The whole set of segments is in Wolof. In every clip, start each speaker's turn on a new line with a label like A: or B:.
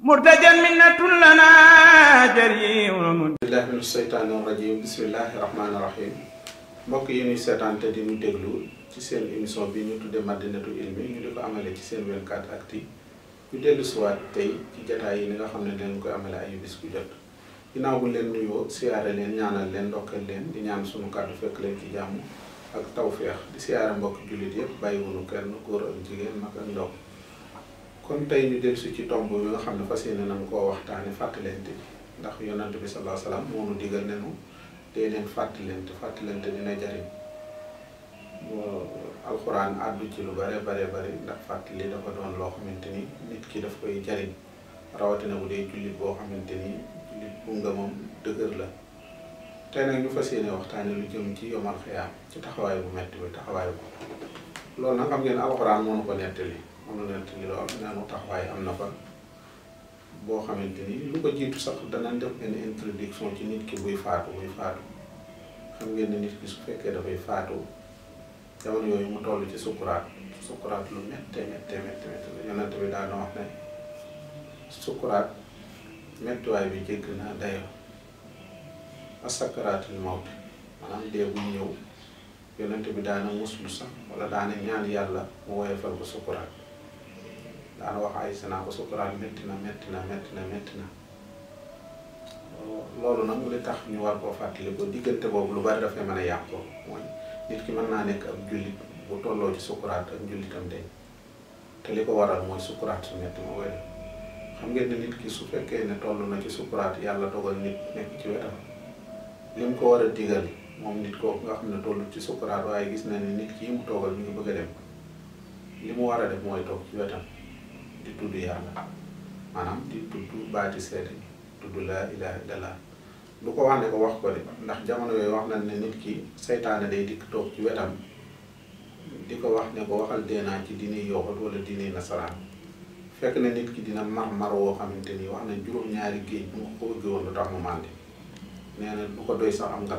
A: murtajan minnatun lana jariun billahi min seytaani rajim bismillahi rahmaani rahim mbokk yi ñuy seetaan te di ñu déglu ci seen émission bi ñu tudde madinatu ilmi ñu di amale ci seen 24 actu ñu dellu siwaat tey ci jataay yi ni nga xam ne dañ koy amale ay bis jot ginnaaw bu leen nuyoo siyaare leen ñaanal leen ndokkeel leen di ñaan suñu kàddu fekk leen ci jàmm ak tawféex di siyaare mbokk jullit yëpp bàyyiwunu kenn góor ak jigéen mag ak kon tey ñu dellu si ci tomb bi nga xam ne fas yéene nañ koo waxtaanee fàttalente bi ndax yonante bi sallallahu alayhi wasallam moo nu digal ne dee leen fàttalente àddu ci lu bare bare bare ndax fàttali dafa loo xamante ni nit ki daf koy jariñ rawatina bu dee jullit boo xamante ni jullit bu ngëmam dëgër la tey nag ñu fas yéene waxtaanee lu jëm ci yomal xiyaam ci taxawaay bu metti bi taxawaay bu loolu nag xam ngeen alxuraan moo nu ko nettali. am na te lool naanu taxawaay am na fa boo xamante ni lu ko jiitu sax danañ def benn ci nit ki buy faatu buy faatu xam ngeen ne nit ki su fekkee dafay faatu jamono yooyu mu toll ci sukuraat sukuraat lu méttee méttee méttee méttee la yonent bi daana wax ne sukuraat méttiwaay bi jégg naa dayo asakaraatul mawt maanaam dee buy ñëw yonent bi daana muslu sax wala daana ñaan yàlla mu woyofal ko sukuraat daana wax ay sanaa ba sukuraat métti na métti na métti na métti na loolu nag li tax ñu war koo fàttali ko diggante boobu lu bari dafay mën a yàqoo mooy nit ki mën naa nekk ab jullit bu tolloo ci sukuraat ak njullitam deñ te li ko waral mooy sukuraat su métti ma wér xam ngeen ne nit ki su fekkee ne toll na ci sukuraat yàlla dogal nit nekk ci wetam li mu ko war a digal moom nit kooku nga xam ne toll ci sukuraat waaye gis na ne nit ki mu toogal li mu war a def mooy ci wetam. di tudd yàlla maanaam di tudd baati seede bi tudd laa ilaha illallah du ko wax ne ko wax ko de ndax jamono yooyu wax nañ ne nit ki seytaane day dikk toog ci wetam di ko wax ne ko waxal dee naa ci diine yooxut wala diine nasaraan fekk ne nit ki dina mar mar woo xamante ni wax nañ juróom-ñaari géej bu ko bëgg woon lu ko doy sax am nga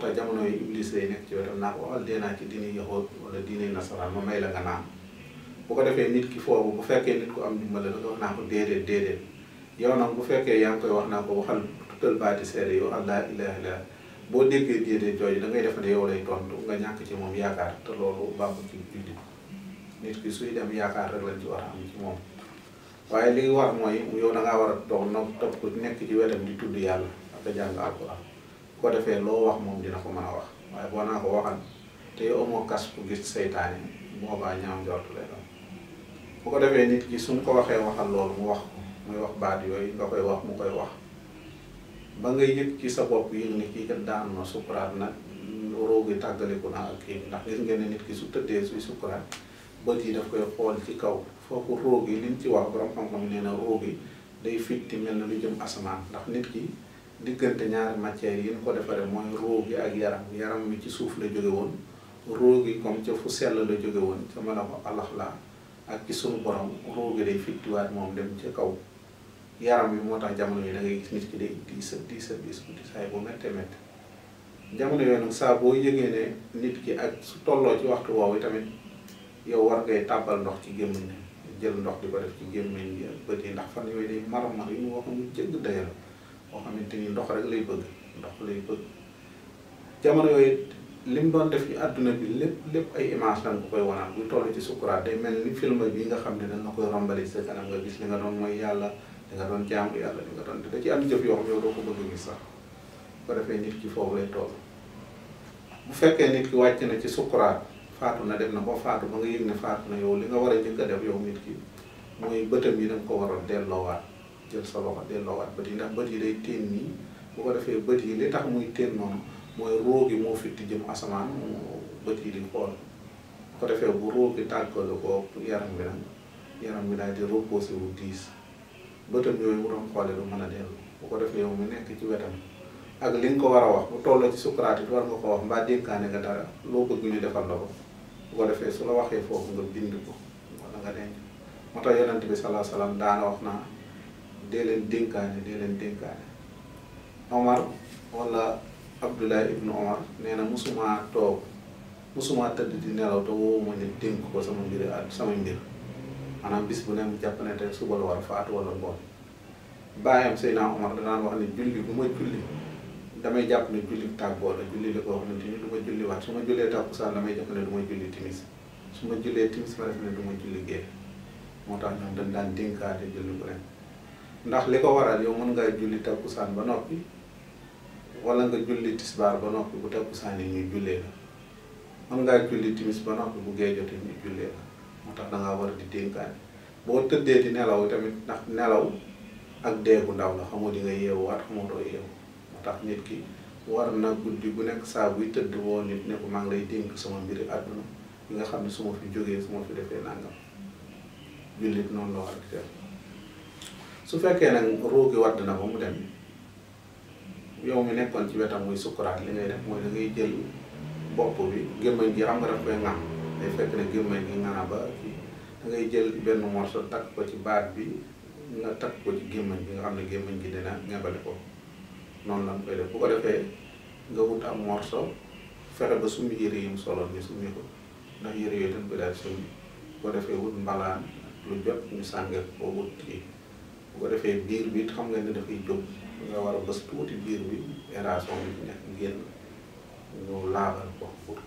A: lax jamono yi iblis lay nekk ci wetam naa wala diine nasaraan ma may la nga naan bu ko defee nit ki foofu bu fekkee nit ko am ndimbal la nga wax naa ko déedéet déedéet yow nag bu fekkee yaa ngi koy wax naa ko waxal tutal baati seede yow allah ilaha illa boo déggee déedéet jooju da ngay def ne yow lay ñàkk ci moom yaakaar te loolu baaxul ci jullit nit ki suy dem yaakaar rek lañ ci war a moom waaye li war mooy yow da ngaa war a dox no topp ko nekk ci wetam di tudd yàlla ak a jàng alquran defee loo wax moom dina ko mën wax waaye boo naa ko waxal te yow amoo kas bu gis seytaane boobaa ñaaw njort lay doon bu ko defee nit ki suñ ko waxee waxal loolu mu wax muy wax baat yooyu nga koy wax mu koy wax ba nga yëg ci sa bopp yëg ni kii kat daan na sukuraat nag roogi tàggaliku na ak kii ndax gis ngeen nit ki su tëddee suy sukuraat bët yi daf koy xool ci kaw foofu roog yi liñ ci wax borom xam-xam nee na roog yi day fitti mel na lu jëm asamaan ndax nit ki diggante ñaari matières yi ñu ko defaree mooy roog yi ak yaram yaram mi ci suuf la jóge woon roog yi comme ca fu sell la jóge woon ca mën a laa ak ci sunu borom ruu gi day fittiwaat moom dem ca kaw yaram bi moo tax jamono yi da ngay gis nit ki day diis diis diis bu diisaay bu méttee méttee jamono yooyu nag saa yëgee ne nit ki ak su tolloo ci waxtu woowu tamit yow war ngay tàbbal ndox ci gémmiñ jël ndox di ko def ci gémmiñ gi ak bët yi ndax fan yooyu day mar-mar yi mu wax mu jëgg dayal boo xamante ni ndox rek lay bëgg ndox lay bëgg jamono yooyu. li mu doon def ci àdduna bi lépp lépp ay image lan ko koy wanaan mu toll ci sukuraat day mel ni film bi nga xam ne dañ koy rombali sa kanam nga gis li nga doon mooy yàlla li doon jaamu yàlla li doon te da ci am jëf yoo xam yow ko bëgg gis sax ko defee nit ki foofu lay toll bu fekkee nit ki wàcc na ci sukuraat faatu na dem boo faatu ba nga yëg ne faatu na yow li nga war a njëkk a def yow mooy bëtam yi danga ko delloo waat jël sa delloowaat bët yi ndax bët yi day teen nii bu ko defee bët yi li tax muy teen noonu mooy roogi moo fitti jëm asamaan bët yi di xool bu ko defee bu roogi tàggale ko yaram bi nag yaram bi daal di reposé wu diis bëtam yooyu mu doon xoolee du mën a dellu bu ko defee yow mi nekk ci wetam ak li nga ko war a wax bu ko wax mbaa dénkaane nga dara loo bëgg ñu defal la ko bu ko defee su la waxee foofu nga bind ko wala nga denc moo tax yonent bi salaa salaam daana wax naa dee leen dénkaane dee leen dénkaane Omar wala. Abdullah ibnu Omar nee na mosumaa toog mosumaa tëdd di nelaw te ma ne dénk ko sama mbir ak sama mbir maanaam bis bu ne mu jàpp ne tey suba la war a faatu wala ngoon bàyyam Seydina Omar danaan wax ne julli bu ma julli damay jàpp ne julli tàggoo la julli la koo xamante ni du ma julli waat su ma jullee tàkkusaan damay jàpp ne du julli timis su ma jullee timis ma def ne du julli gee moo tax ñoom dañ daan dénkaate julli bu ren ndax li ko waral yow mën ngaa julli tàkkusaan ba noppi wala nga julli tisbaar ba noppi bu takkusaan yi ñu jullee la mën ngaa julli timis ba noppi bu gee jotee ñu jullee la moo tax da war di dénkaane boo tëddee di nelaw tamit ndax nelaw ak dee bu ndaw la xamoo di nga yeewuwaat xamoo doo moo tax nit ki war na guddi bu nekk saa buy tëdd woo nit ne ko lay dénk sama mbiri àdduna yi nga xam ne su ma fi jógee su ma fi defee nangam jullit noonu la def su fekkee nag ruugi wadd na ba mu dem. yow mi nekkoon ci wetam muy sukkuraat li ngay def mooy da ngay jël bopp bi gémmañ gi xam nga daf koy ŋam day ba da ngay jël benn morceau takk ko ci baat bi nga takk ko ci gémmañ bi nga xam ne gémmañ gi dina ñebale ko noonu la mu def bu ko defee nga wut am morceau fexe ba summi yére yi mu soloon nga summi ko ndax yére yooyu dañ ko daal summi bu ko defee wut mbalaan lu jot ñu sànge ko wut kii bu ko defee biir bi xam nga def dafay jóg nga war a bës tuuti biir bi aération bi nekk génn ñu laabal ko pour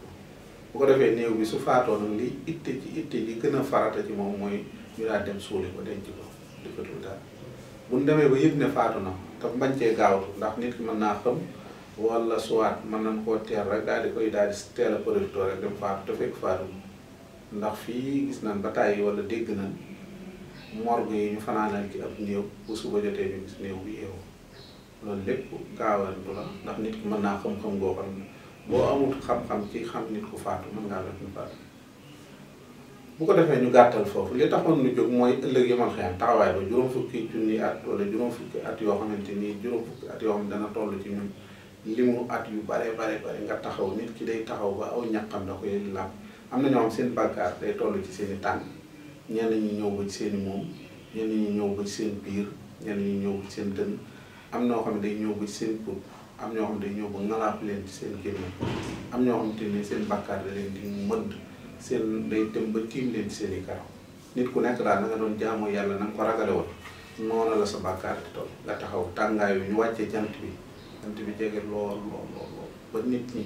A: bu ko defee néew bi su faatoo nag li itte ci itte ji gën a farata ci moom mooy ñu daal dem suuli ko denc ko defatul daal bu demee ba yëg ne faatu na te mbañ cee gaawtu ndax nit ki mën wala soit mën nañ koo teel daal di koy daal di teel a producteur rek dem faatu te fekk faatu ndax fii gis nañ ba tàyyi wala dégg nañ morgue yi ñu fanaanal ci ab néew bu suba jotee ñu gis néew bi yeewu loolu lépp gaawantu la ndax nit ki mën naa xam-xam goo xam boo amul xam-xam ci xam nit ku faatu mën ngaa def lu faatu bu ko defee ñu gàttal foofu li taxoon nu jóg mooy ëllëg yamal xëyam taxawaay ba juróom fukki junni at wala juróom fukki at yoo xam xamante ni juróom fukki at yoo xam ne dana toll ci ñun limu at yu bare bare bare nga taxaw nit ki day taxaw ba aw ñaqam da koy làpp am na ñoo xam seen bàkkaar day toll ci seen i tànk ñenn ñi ñëw ba ci seen i moom ñenn ci seen biir ñenn ñi ñëw seen dënn am noo xam ne day ñëw ba seen pour am ñoo xam ne day ñëw ba ngalaat leen ci seen gémmiñ am ñoo xam te ne seen bàkkaar da leen di mëdd seen day dem ba tiim leen ci seen i karaw nit ku nekk daal na doon jaamoo yàlla na nga ko ragale woon noonu la sa bàkkaar di toll nga taxaw tàngaay yu ñu wàccee jant bi jant bi jege lool lool lool ba nit ñi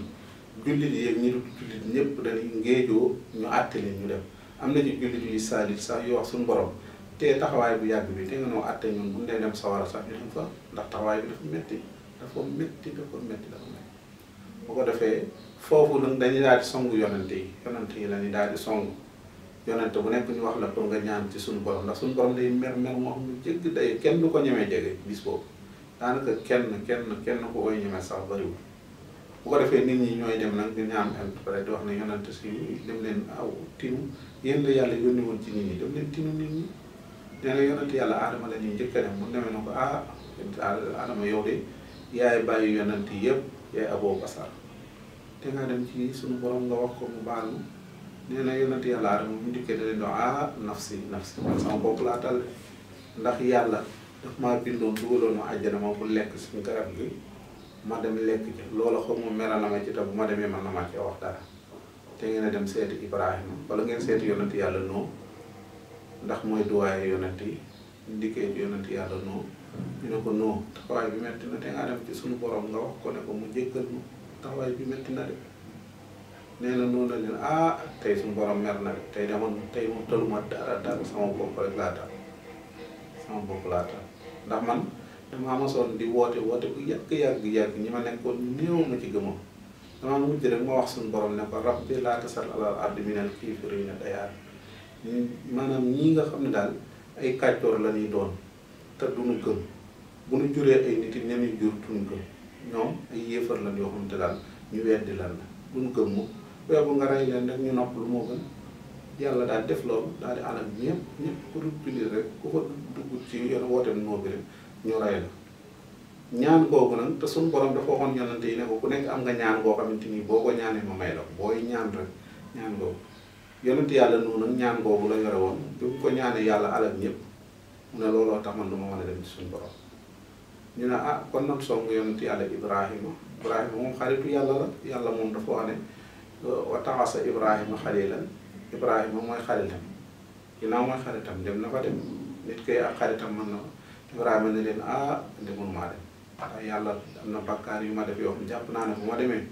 A: jullit yi ak ñi dul jullit ñëpp dañuy ngéejoo ñu àtte leen ñu dem am na ñu jullit yuy saalit sax yu wax suñu borom te taxawaay bu yàgg bi te nga noo àttee ñun bu ñu dee dem sawara sax ñu dem fa ndax taxawaay bi dafa métti dafa métti dafa métti dafa métti bu ko defee foofu nag dañuy daal di songu yonante yi yonante yi la ñuy daal di songu yonante bu nekk ñu wax la pour nga ñaan ci suñu borom ndax suñu borom day mer mer moo xam ne jégg day kenn du ko ñemee jege bis boobu daanaka kenn kenn kenn ku koy ñemee sax bariwul bu ko defee nit ñi ñooy dem nag di ñaan interprète di wax ne yonante si dem leen aw tinu yéen la yàlla yónni woon ci nit ñi dem leen tinu nit ñi nee na yonent yàlla aadama la ñuy njëkk a dem mu demee na ko ah aadama yow de yaay bàyyi yonent yëpp yaay aboo basar te nga dem ci suñu borom nga wax ko mu baal ma nee na yonent yàlla aadama mu njëkkee da leen do ah nafsi nafsi man sama bopp laa tal ndax yàlla daf maa bindoon dugaloon ma àjjana ma bu lekk suñu garab gi ma dem lekk ci loola xaw ma meral na ma ci bu ma demee man na ma cee wax dara te ngeen a dem seeti Ibrahima wala ngeen seeti ndax mooy duwaaye yonent yi ndikkee yonent yàlla noo ñu ne ko noo taxawaay bi metti na suñu borom nga wax ko ko mu jéggal mu taxawaay bi metti na de nee na noonu leen ah tey suñu borom mer na de tey dama tey mu taluma dara dara sama bopp rek laa taal sama bopp laa taal ndax man damaa mosoon di woote woote bu yàgg yàgg yàgg ñi ma nekkoon néew ma ci gëmoo damaa mujj rek ma wax suñu borom ne ko rabbi laa tasal alal ardi minal kaafiriina dayyaar maanaam ñii nga xam ne daal ay kàccoor la ñuy doon te duñu gëm bu ñu juree ay nit yi ñeneen jur duñu gëm ñoom ay yéefar lan yoo xam ne daal ñu weddi lan la duñu gëm mu weebu nga rey leen rek ñu nopp lu moo gën yàlla daal def loolu daal di anam ñëpp ñëpp pour utiliser rek ku fa dugg ci yoon woote moo bi rek ñu rey la ñaan googu nag te suñu borom dafa waxoon yonante yi ne ko ku nekk am nga ñaan goo xamante ni boo ko ñaanee ma may la ñaan rek yonent yàlla noonu nag ñaan googu la yore woon bi ko ñaanee yàlla alal ñëpp mu ne looloo tax man du ma mën a dem ci suñu borom ñu ne ah kon nag song yonent yàlla Ibrahima Ibrahima moom xaritu yàlla la yàlla moom dafa wax ne wa taxasa Ibrahima xalilan Ibrahima mooy xaritam ginnaaw mooy xaritam dem na fa dem nit koy ak xaritam mën na Ibrahima ne leen ah indi maa dem ndax yàlla am na bakkaar yu ma def yoo jàpp naa ne bu ma demee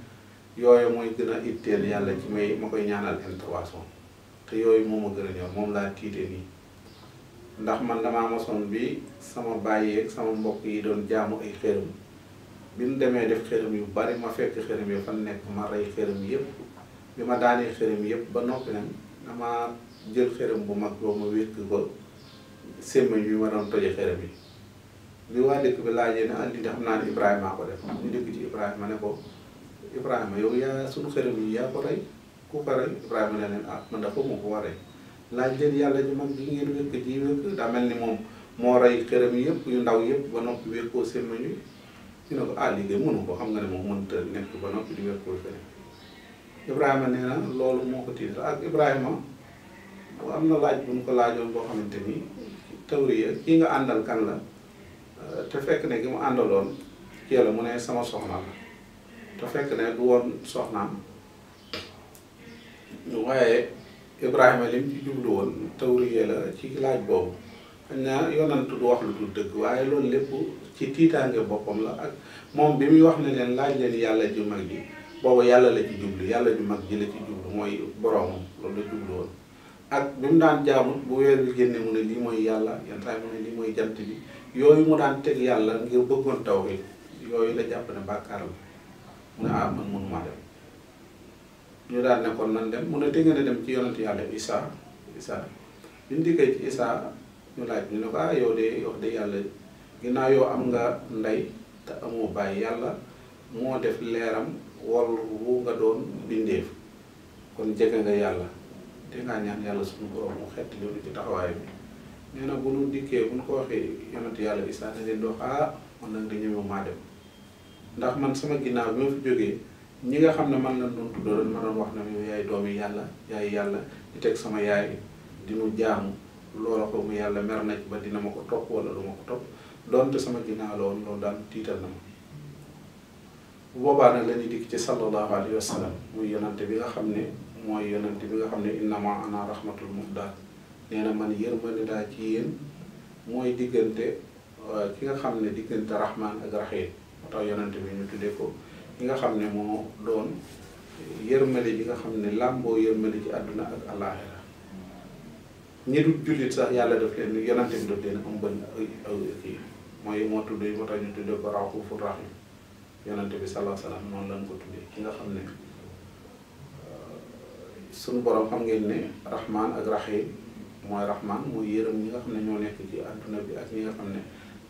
A: yooyu mooy gën a itteel yàlla ci may ma koy ñaanal intervention te yooyu moom a gën a ñor moom laa tiite nii ndax man damaa mosoon bi sama bàyyi ak sama mbokk yi doon jaamu ay xërëm bi mu demee def xërëm yu bari ma fekk xërëm yi fa nekk ma rey xërëm yépp bi ma daanee xërëm yëpp ba noppi nag dama jël xërëm bu mag boo ma wékk ko sémmiñ bi ma doon toje xërëm yi bi waa dëkk bi laajee ne andi xam naa ne Ibrahima ko def ñu dëkk ci Ibrahima ne ko Ibrahima yow yaa sunu xërëm yi yaa ko rey ku baral Ibrahima ne leen ah man dafa mu ko waree laaj leen yàlla ñu mag bi ngeen wékk ji wékk daa mel ni moom moo rey xëram yëpp yu ndaw yëpp ba noppi wékkoo semmañ yi ñu ko ah liggéey mënu nga ne na loolu moo ko tiital ak ko laajoon boo xamante ni tawriya kii nga àndal kan la euh, te fekk ne ki mu àndaloon kii la mu ne sama soxna la te fekk ne du woon soxnaam. waaye Ibrahima li mu ci jublu woon tawriye la ci laaj boobu xam naa yonantu du wax lu dul dëgg waaye loolu lépp ci tiitaange boppam la ak moom bi muy wax ne leen laaj leen yàlla ju mag ji boobu yàlla la ci jublu yàlla ju mag ji la ci jublu mooy boroomam loolu la jublu woon ak bi mu daan jaamut bu weer bi mu ne lii mooy yàlla yan taay mu ne lii mooy jant bi yooyu mu daan teg yàlla ngir bëggoon taw bi yooyu la jàpp ne bàkkaar la mu ne ah ñu daal ne nañ nan dem mu ne te ngeen a dem ci yonent yàlla Isa Isa bi ñu dikkee ci Isa ñu laaj ñu ne ko ah, yow de yàlla ginnaaw yow am nga ndey te amu bàyyi yàlla moo def leeram wol wu nga doon bindeef kon jege nga yàlla te ngaa ñaan yàlla suñu borom mu xet loolu ci taxawaay bi nee na bu nu dikkee bu nu ko waxee yonent yàlla Isa ne di wax ah man nag di ñëw maa dem ndax man sama ginnaaw bi ma fi jógee. ñi nga xam ne man lañ doon tuddoo ma doon wax ne yaay doomi yàlla yaay yàlla di teg sama yaay di mu jaamu loola ko mu yàlla mer na ci ba dina ma ko topp wala lu ma ko topp donte sama ginnaaw la woon loolu daan tiital na ma boobaa nag la dikk ci sallallahu alayhi wa sallam muy yonante bi nga xam ne mooy yonante bi nga xam ne innama ana rahmatul muhdaal nee na man yërmande daa ci yéen mooy diggante euh, ki nga xam ne diggante rahman ak rahim ko bi nga xam ne moo doon yërmande bi nga xam ne làmboo yërmande ci àdduna ak àllaaxira ñi du jullit sax yàlla def leen yonante bi daf leen am bën aw kii mooy moo tudd moo tax ñu tuddee ko raxuufu raxiim yonante bi salaa salaam noonu lañ ko tuddee ki nga xam ne euh, suñu borom xam ngeen ne rahmaan ak raxiim mooy rahmaan mooy yërëm ñi nga xam ne ñoo nekk ci àdduna bi ak ñi nga xam ne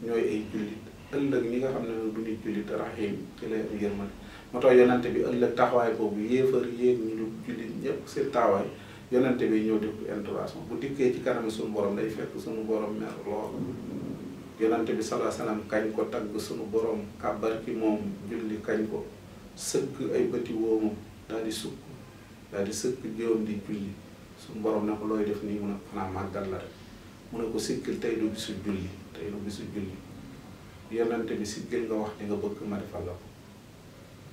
A: ñooy ay jullit ëllëg ñi nga xam ne du nit jullit rahim ci lay am yërmande moo tax yonante bi ëllëg taxawaay boobu yéefar yéen ñu du jullit ñëpp seen taxawaay yonante bi ñëw def intervention bu dikkee ci kanam suñu borom day fekk suñu borom mer lool bi salaa salaam kañ ko tagg suñu borom kàbbar ki moom julli kañ ko sëkk ay bëti woomam daal di sukk daal di sëkk joom di julli suñu borom ne ko looy def nii mun a xanaa màggal la rek mun a ko sikkil tey du bisu julli tey du bisu julli yonante bi si gël nga wax li nga bëgg ma defal la ko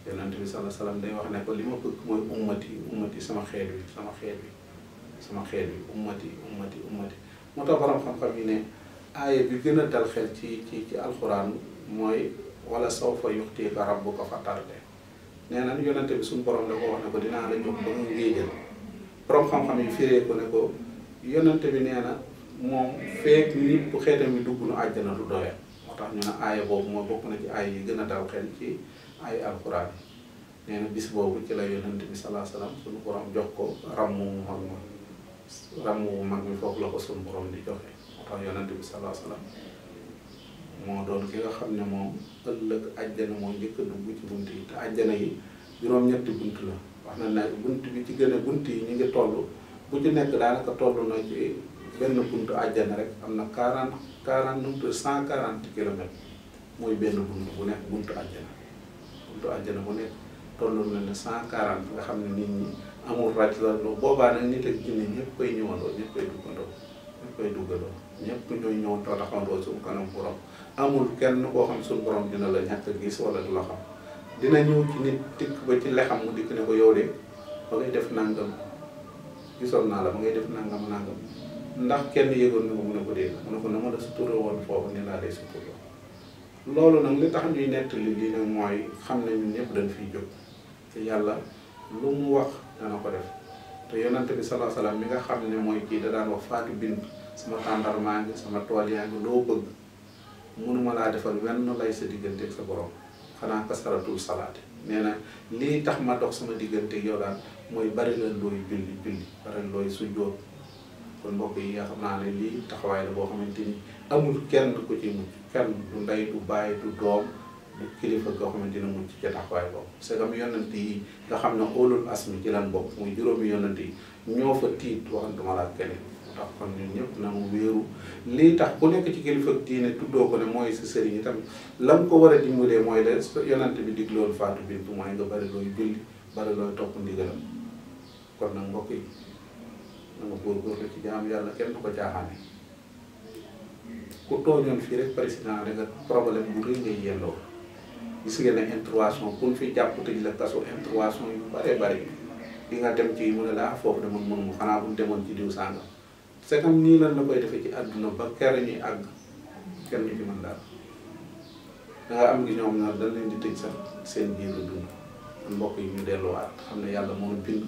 A: yonante bi sallallahu alayhi wasallam day wax ne ko li ma bëgg mooy ummati ummati sama xeet wi sama xeet wi sama xeet wi moo tax borom xam-xam yi ne aaya bi gën a dal xel ci ci ci alxuraan mooy wala sawfa yuxtiika rabbuka fatarde nee na yonante bi suñ borom la ko wax ne ko dinaa la jox ba nga ngéejal borom xam-xam yi firee ko ne ko yonante bi nee na moom feek nit bu xeetam yi dugg nu àjjana du doyal tax ñu ne aaya boobu moo bokk na ci aay yi gën a dal xel ci ay alxuraan yi bis boobu ci la yonent bi salaa salaam suñu borom jox ko ràmm wu mag ma ràmm wu mag mi foofu la ko suñu borom di joxe moo tax yonent bi salaa moo doon ki xam ne moom ëllëg ajjana moo njëkk a dugg ci bunt yi te ajjana yi juróom-ñetti bunt la wax na ne bunt bi ci gën a bunt yi ñu ngi toll bu ci nekk daanaka toll na ci benn buntu àjjana rek am na quarante quarante cent quarante kilomètres mooy benn buntu bu nekk buntu àjjana buntu àjjana bu nekk tolloon na ne cent quarante nga xam ne nit ñi amul rajo la boobaa nag nit ak jinne ñëpp koy ñëwandoo ñëpp koy amul kenn koo xam la ñàkk gis wala du la xam dina ñëw ci nit tikk ba ci lexam mu dikk ne ko yow de ba ngay def nangam gisoon naa la ba ngay def nangam nangam. ndax kenn yëgoon nga ko mun ko dee mu ne ko na ma la suturoo woon foofu ni laa lay suturoo loolu nag li tax ñuy nettali lii nag mooy xam ne ñun ñëpp dañ fiy jóg te yàlla lu mu wax dana ko def te yonante bi salaa salaam mi nga xam ne mooy kii da daan wax bind sama tàndarmaa ngi sama tool yaa ngi loo bëgg mënuma laa defal lay sa digganteeg sa borom xanaa kasaratul salaate nee na lii tax ma dox sama diggante yow daal mooy bari leen looy julli julli bari looy sujjóot kon mbokk yi nga xam naa ne lii taxawaay la boo xamante ni amul kenn ku ci mucc kenn du ndey du bàyyi du doom du kilifa koo xamante ni mucc ca taxawaay boobu c'est comme yi nga xam ne óolul asmi ci lan bokk juróomi yonent yi ñoo fa tiit waxantuma la ak tax kon ñun ñëpp nanu wéeru lii tuddoo ko ne mooy sa sëriñ itam lam ko war a dimbalee mooy la yonante bi digloolu faatu bi bu mooy nga bari looy julli bari looy topp ndigalam kon nag mbokk yi na nga góorgóorlu ci jaam yàlla kenn du ko caaxaane ku tooñoon fii rek président da nga problème bu rëy ngay yendoo gis ngeen ne intervention pour fi jàpp tëj la kaso intervention yu bare bare di nga dem ci mu ne la ah, foofu de moom mënuma xanaa bu ñu demoon ci diw sànga c'est nii lan la koy defee ci àdduna ba kere ñuy àgg kenn du ci mën daal da am gi ñoom na dañ leen di tëj sa seen biiru dund kon mbokk yi ñu delluwaat xam ne yàlla moo bind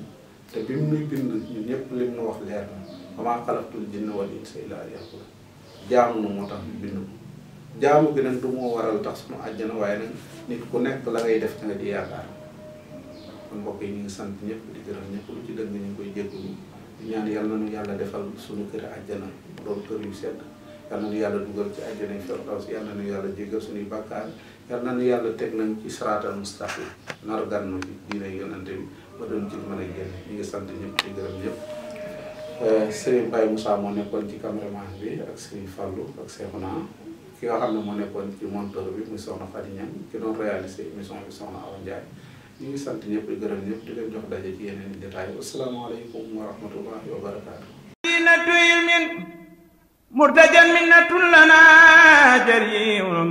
A: te bi mu nuy bind ñun ñëpp lim nu wax leer na amaa xalaqtul jinna wal insa illaa liya'budu jaamu nu moo tax ñu bind ko jaamu bi du moo waral tax sunu àjjana waaye nag nit ku nekk la ngay def te nga di yaakaar yi sant ñëpp ci dëng ñu koy jégalu di ñaan yàlla nu yàlla defal sunu kër àjjana doon kër yu sedd yàlla na nu yàlla dugal ci àjjana yi Firdaws yàlla na nu yàlla na nu yàlla teg nañ ci siraatal mustaqim nar gan nu ci diine ma doon ci mën a génn ñu ngi sant ñëpp di gërëm ñëpp euh, Serigne Baye Moussa moo nekkoon ci caméraman bi ak Serigne Fallou ak Seexuna ki nga xam ne moo nekkoon ci monteur bi muy Soxna Fadi Niang ki doon réalisé émission bi Soxna Awa Ndiaye ñu ngi sant ñëpp di gërëm ñëpp jox daje ci yeneen i détails asalaamaaleykum wa rahmatullahi wa barakaatu murtajan minnatun lana jariun